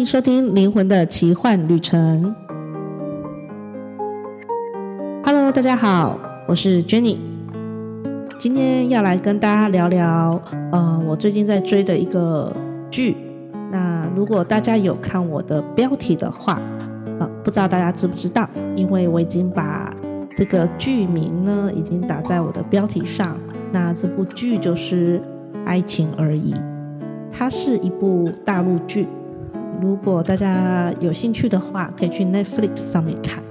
歡迎收聽《靈魂的奇幻旅程》。Hello，大家好，我是 Jenny。今天要來跟大家聊聊，嗯、呃，我最近在追的一個劇。那如果大家有看我的標題的話，啊、呃，不知道大家知不知道？因為我已經把這個劇名呢，已經打在我的標題上。那這部劇就是《愛情而已》，它是一部大陸劇。如果大家有興趣的話，可以去 Netflix 上面看。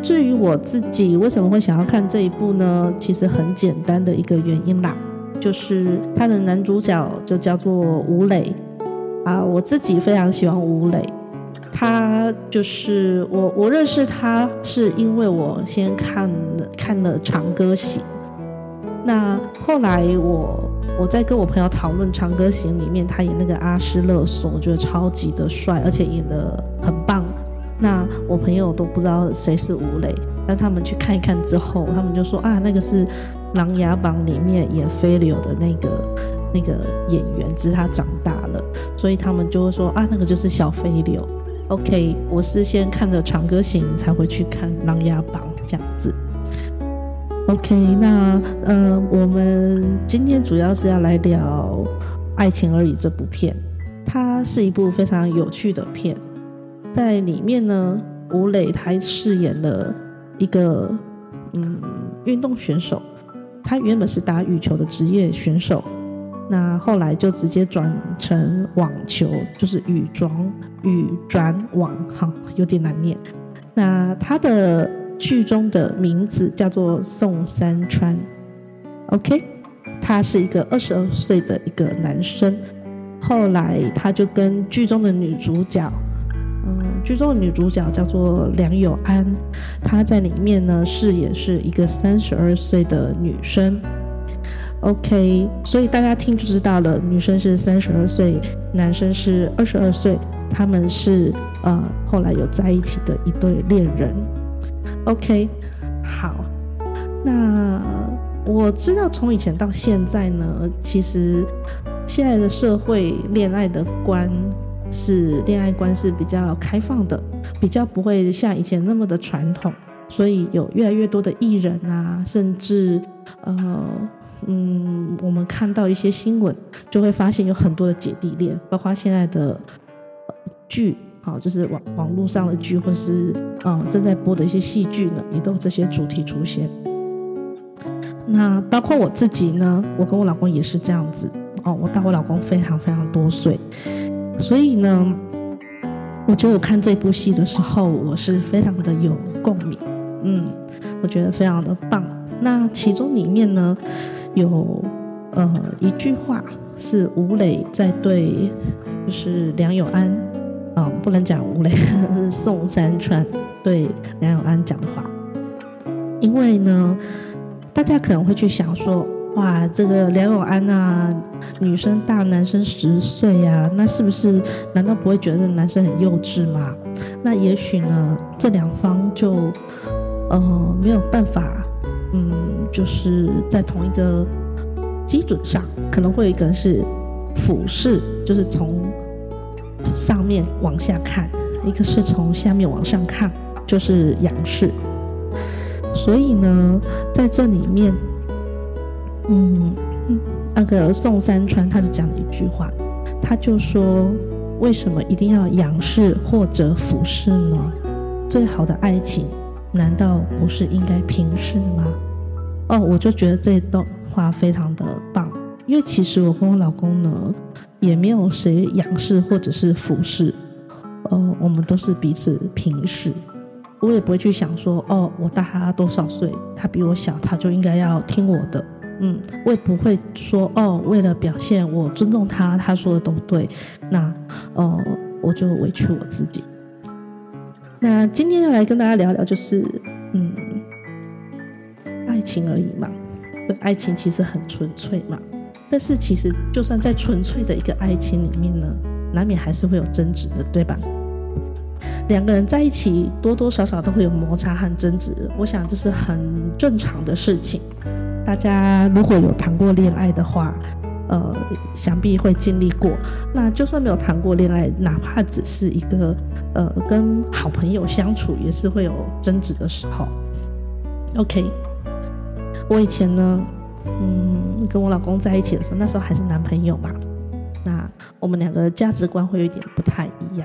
至於我自己為什麼會想要看這一部呢？其實很簡單的一個原因啦，就是他的男主角就叫做吳磊啊，我自己非常喜歡吳磊。他就是我，我認識他是因為我先看看了《長歌行》。那後來我我在跟我朋友討論《長歌行》裡面他演那個阿詩勒隼，我覺得超級的帥，而且演得很棒。那我朋友都不知道誰是吳磊，但他們去看一看之後，他們就說啊，那個是《琅琊榜》裡面演飛流的那個那個演員，只是他長大了，所以他們就會說啊，那個就是小飛流。OK，我是先看了《長歌行》才會去看《琅琊榜》這樣子。OK，那嗯、呃，我們今天主要是要來聊《愛情而已》這部片，它是一部非常有趣的片。在裡面呢，吳磊他飾演了一個嗯運動選手，他原本是打羽球的職業選手，那後來就直接轉成網球，就是羽裝，羽轉網哈，有點難念。那他的。劇中的名字叫做宋三川，OK，他是一個二十二歲的一個男生。後來他就跟劇中的女主角，嗯，劇中的女主角叫做梁友安，她在裡面呢飾演是，是一個三十二歲的女生，OK，所以大家聽就知道了，女生是三十二歲，男生是二十二歲，他們是呃後來有在一起的一對戀人。OK，好，那我知道從以前到現在呢，其實現在的社會戀愛的觀是戀愛觀是比較開放的，比較不會像以前那麼的傳統，所以有越來越多的藝人啊，甚至呃嗯，我們看到一些新聞就會發現有很多的姐弟戀，包括現在的、呃、劇。好，就是網網絡上的劇，或者是嗯正在播的一些戲劇呢，也都有這些主題出現。那包括我自己呢，我跟我老公也是這樣子哦，我大我老公非常非常多歲，所以呢，我覺得我看這部戲的時候，我是非常的有共鳴，嗯，我覺得非常的棒。那其中裡面呢，有呃一句話是吳磊在對，就是梁友安，嗯、不能講吳磊、宋三川對梁友安講的話，因為呢，大家可能會去想說，哇，這個梁友安啊，女生大男生十歲呀，啊，那是不是？難道不會覺得男生很幼稚嗎？那也許呢，這兩方就，呃，沒有辦法，嗯，就是在同一個基準上，可能會一個是俯視，就是從。上面往下看，一個是從下面往上看，就是仰視。所以呢，在這裡面，嗯，那、嗯、個宋三川他就講了一句話，他就說：為什麼一定要仰視或者俯視呢？最好的愛情，難道不是應該平視嗎？哦，我就覺得這段話非常的棒，因為其實我跟我老公呢。也沒有誰仰視或者是俯視，呃，我們都是彼此平視。我也不會去想說，哦，我大他多少歲，他比我小，他就應該要聽我的。嗯，我也不會說，哦，為了表現我尊重他，他說的都對，那，哦、呃，我就委屈我自己。那今天要來跟大家聊聊，就是，嗯，愛情而已嘛，這個、愛情其實很純粹嘛。但是其實，就算在純粹的一個愛情裡面呢，難免還是會有爭執的，對吧？兩個人在一起，多多少少都會有摩擦和爭執，我想這是很正常的事情。大家如果有談過戀愛的話，呃，想必會經歷過。那就算沒有談過戀愛，哪怕只是一個，呃，跟好朋友相處，也是會有爭執的時候。OK，我以前呢。嗯，跟我老公在一起的時候，那時候還是男朋友嘛。那我們兩個的價值觀會有點不太一樣，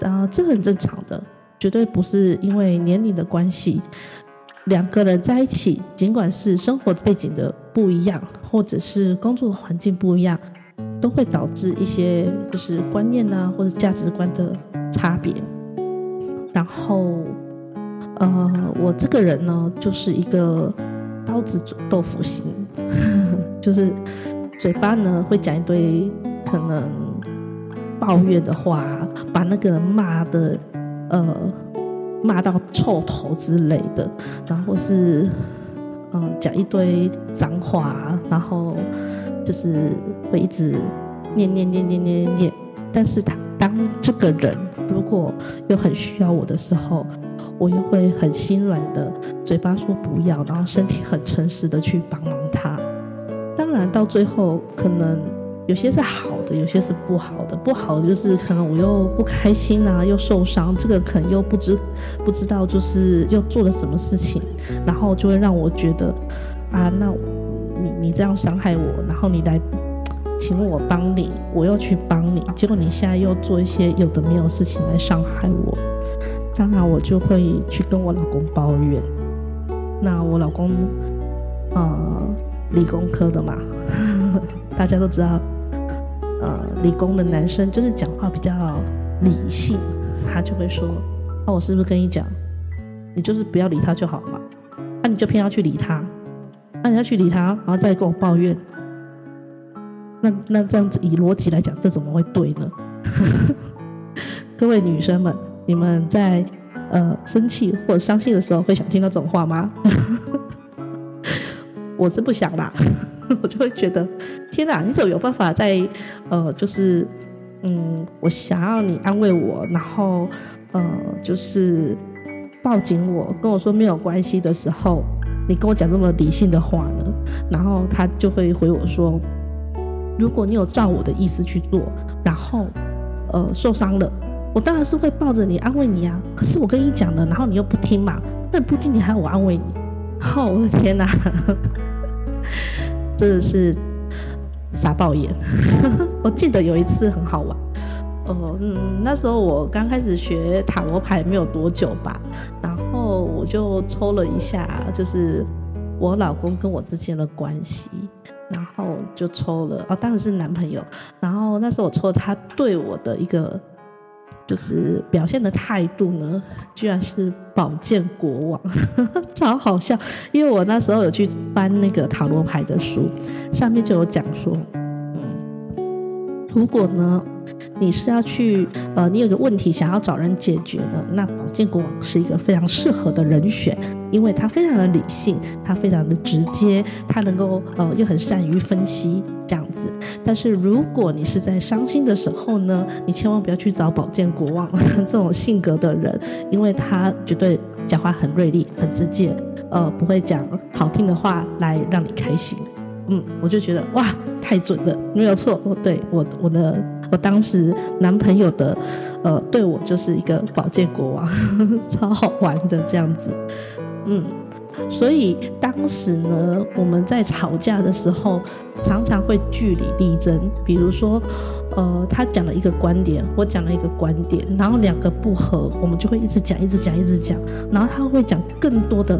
然後，呃，這很正常的，絕對不是因為年齡的關係。兩個人在一起，儘管是生活背景的不一樣，或者是工作環境不一樣，都會導致一些就是觀念啊或者價值觀的差別。然後，呃，我這個人呢，就是一個。刀子嘴豆腐心， 就是嘴巴呢會講一堆可能抱怨的話，把那個人罵的呃罵到臭頭之類的，然後是嗯、呃、講一堆髒話，然後就是會一直念念念念念念念，但是他當這個人如果又很需要我的時候，我又會很心軟的，嘴巴說不要，然後身體很誠實的去幫忙他。當然到最後，可能有些是好的，有些是不好的。不好的就是可能我又不開心啊，又受傷。這個可能又不知不知道，就是又做了什麼事情，然後就會讓我覺得啊，那你你這樣傷害我，然後你來請我幫你，我又去幫你，結果你現在又做一些有的沒有的事情來傷害我。那我就會去跟我老公抱怨。那我老公，呃，理工科的嘛，呵呵，大家都知道，呃，理工的男生就是講話比較理性。他就會說：“那、哦、我是不是跟你講，你就是不要理他就好了嘛？那、啊、你就偏要去理他，那、啊、你要去理他，然後再跟我抱怨。那那這樣子以邏輯來講，這怎麼會對呢？呵呵，各位女生們。”你們在呃生氣或者傷心的時候會想聽那種話嗎？ 我是不想啦， 我就會覺得天哪，你怎麼有辦法在呃就是嗯我想要你安慰我，然後呃就是抱緊我，跟我說沒有關係的時候，你跟我講這麼理性的話呢？然後他就會回我說，如果你有照我的意思去做，然後呃受傷了。我當然是會抱着你安慰你啊！可是我跟你講了，然後你又不聽嘛，那不聽你還要我安慰你？哦，我的天哪，呵呵真的是傻爆眼！我記得有一次很好玩哦、呃，嗯，那時候我剛開始學塔羅牌沒有多久吧，然後我就抽了一下，就是我老公跟我之間的關係，然後就抽了哦，當時是男朋友，然後那時候我抽了他對我的一個。就是表現的態度呢，居然是寶劍國王， 超好笑。因為我那時候有去搬那個塔羅牌的書，上面就有講說。如果呢，你是要去呃，你有個問題想要找人解決的，那寶劍國王是一個非常適合的人選，因為他非常的理性，他非常的直接，他能夠呃又很善於分析這樣子。但是如果你是在傷心的時候呢，你千萬不要去找寶劍國王這種性格的人，因為他絕對講話很銳利、很直接，呃，不會講好聽的話來讓你開心。嗯，我就覺得哇，太準了，沒有錯。對我對我我的我當時男朋友的，呃，對我就是一個寶劍國王呵呵，超好玩的這樣子。嗯，所以當時呢，我們在吵架的時候，常常會據理力爭。比如說，呃，他講了一個觀點，我講了一個觀點，然後兩個不合，我們就會一直講，一直講，一直講，然後他會講更多的。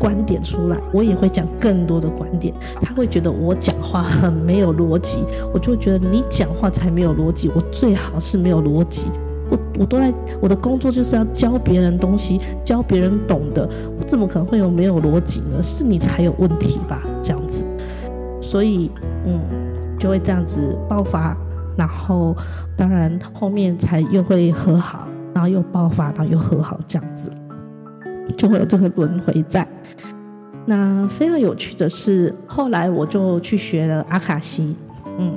觀點出來，我也會講更多的觀點。他會覺得我講話很沒有邏輯，我就會覺得你講話才沒有邏輯。我最好是沒有邏輯，我我都在我的工作就是要教別人東西，教別人懂的。我怎麼可能會有沒有邏輯呢？是你才有問題吧？這樣子，所以嗯，就會這樣子爆發，然後當然後面才又會和好，然後又爆發，然後又和好這樣子。就會有這個輪迴在。那非常有趣的是，後來我就去學了阿卡西，嗯，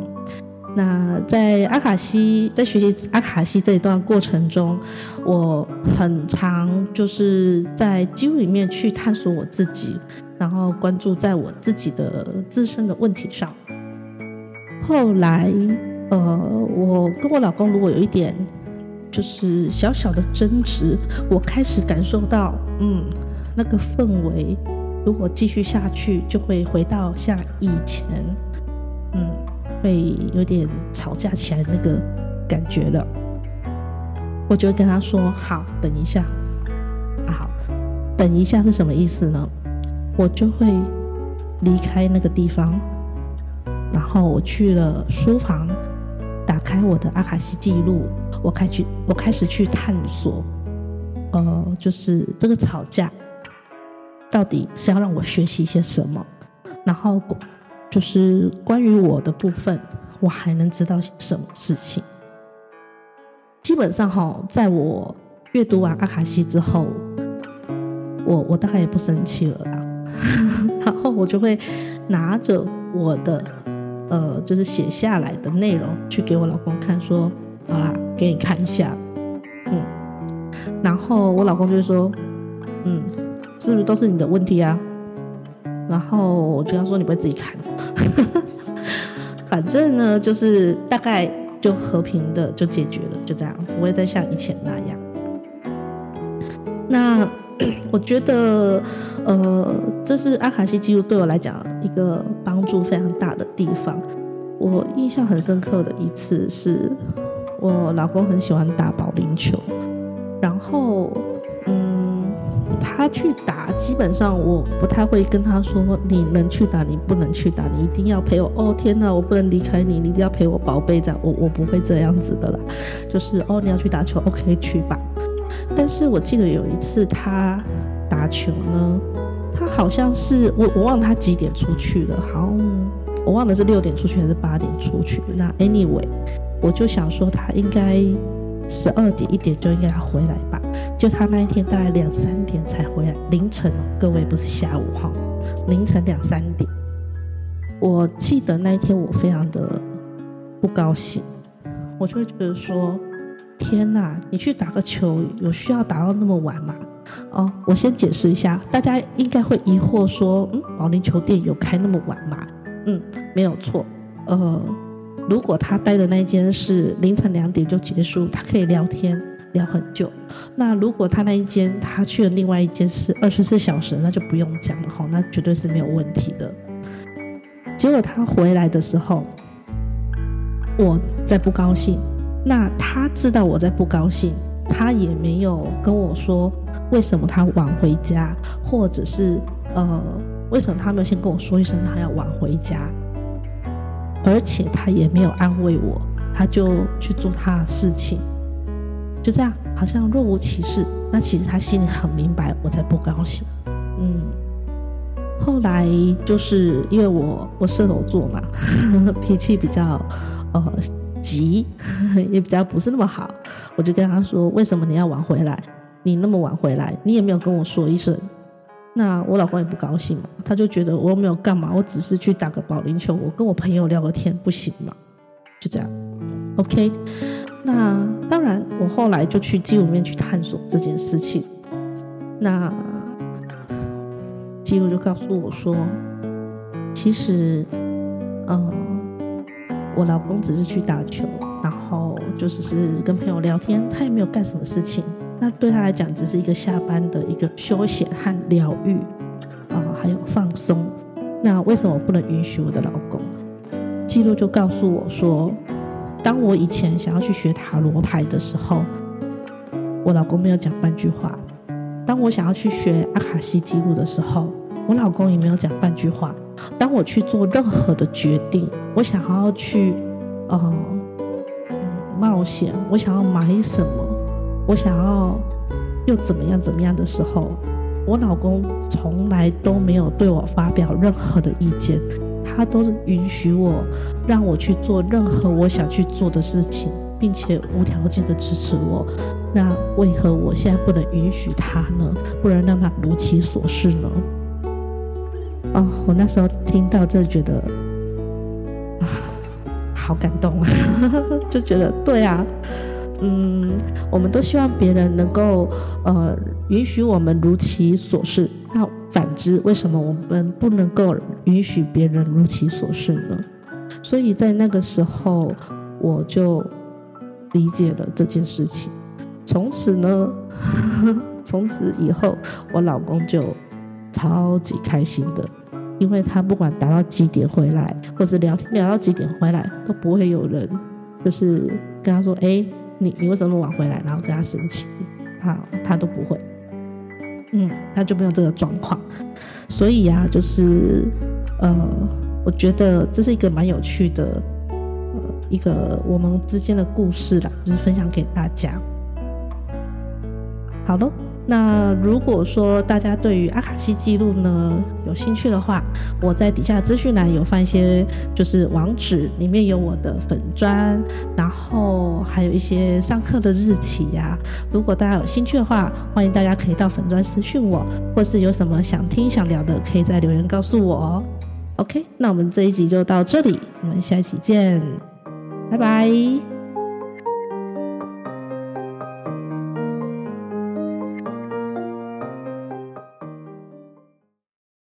那在阿卡西，在學習阿卡西這一段過程中，我很常就是在機會裡面去探索我自己，然後關注在我自己的自身的問題上。後來，呃，我跟我老公如果有一點。就是小小的爭執，我開始感受到，嗯，那個氛圍，如果繼續下去，就會回到像以前，嗯，會有點吵架起來那個感覺了。我就跟他說：“好，等一下。”啊，好，等一下是什麼意思呢？我就會離開那個地方，然後我去了書房。打開我的阿卡西記錄，我開始我開始去探索，呃，就是這個吵架，到底是要讓我學習一些什麼？然後，就是關於我的部分，我還能知道些什麼事情？基本上哈、哦，在我閱讀完阿卡西之後，我我大概也不生氣了吧， 然後我就會拿着我的。呃，就是寫下來的內容去給我老公看，說好啦，給你看一下，嗯，然後我老公就說，嗯，是不是都是你的問題啊？然後我就要說，你不會自己看？ 反正呢，就是大概就和平的就解決了，就這樣，不會再像以前那樣。那。我覺得，呃，這是阿卡西記錄對我來講一個幫助非常大的地方。我印象很深刻的一次是，我老公很喜歡打保齡球，然後，嗯，他去打，基本上我不太會跟他說，你能去打，你不能去打，你一定要陪我。哦，天哪啊，我不能離開你，你一定要陪我，寶貝這樣，我我不會這樣子的啦，就是哦，你要去打球，OK，去吧。但是我記得有一次他打球呢，他好像是,我我忘了他幾點出去了，好像我忘了是六點出去還是八點出去。那 anyway，我就想說他應該十二點一點就應該回來吧，就他那一天大概兩三點才回來，凌晨，各位不是下午哈，凌晨兩三點。我記得那一天我非常的不高興，我就會覺得說。天吶，你去打個球，有需要打到那麼晚嗎？哦，我先解釋一下，大家應該會疑惑說，嗯，保齡球店有開那麼晚嗎？嗯，沒有錯。呃，如果他待的那一間是凌晨兩點就結束，他可以聊天聊很久。那如果他那一間他去了另外一間是二十四小時，那就不用講了好，那絕對是沒有問題的。結果他回來的時候，我在不高興。那他知道我在不高興，他也沒有跟我說為什麼他晚回家，或者是呃為什麼他沒有先跟我說一聲他要晚回家，而且他也沒有安慰我，他就去做他的事情，就這樣好像若無其事。那其實他心裡很明白我在不高興，嗯。後來就是因為我我射手座嘛，呵呵，脾氣比較呃。急也比較不是那麼好，我就跟他說：“為什麼你要晚回來？你那麼晚回來，你也沒有跟我說一聲。”那我老公也不高興嘛，他就覺得我又沒有幹嘛，我只是去打個保齡球，我跟我朋友聊個天，不行嗎？就這樣，OK。那當然，我後來就去紀錄裡面去探索這件事情。那記錄就告訴我說：“其實，嗯。”我老公只是去打球，然後就只是跟朋友聊天，他也沒有幹什麼事情。那對他來講，只是一個下班的一個休閒和療癒，啊、呃，還有放鬆。那為什麼我不能允許我的老公？記錄就告訴我說，當我以前想要去學塔羅牌的時候，我老公沒有講半句話；當我想要去學阿卡西記錄的時候。我老公也沒有講半句話。當我去做任何的決定，我想要去呃、嗯、冒險，我想要買什麼，我想要又怎麼樣怎麼樣的時候，我老公從來都沒有對我發表任何的意見，他都是允許我讓我去做任何我想去做的事情，並且無條件的支持我。那為何我現在不能允許他呢？不能讓他如其所是呢？哦，我那時候聽到就覺得啊，好感動啊，就覺得對啊，嗯，我們都希望別人能夠呃允許我們如其所是。那反之，為什麼我們不能夠允許別人如其所是呢？所以在那個時候，我就理解了這件事情。從此呢，從此以後，我老公就超級開心的。因為他不管打到幾點回來，或是聊天聊到幾點回來，都不會有人，就是跟他說，哎，你你為什麼晚回來？然後跟他生氣，他他都不會，嗯，他就沒有這個狀況，所以啊，就是呃，我覺得這是一個蠻有趣的，呃，一個我們之間的故事啦，就是分享給大家，好嘍。那如果說大家對於阿卡西記錄呢有興趣的話，我在底下資訊欄有放一些，就是網址裡面有我的粉專，然後還有一些上課的日期呀、啊。如果大家有興趣的話，歡迎大家可以到粉專私訊我，或是有什麼想聽想聊的，可以在留言告訴我、哦。OK，那我們這一集就到這裡，我們下期見，拜拜。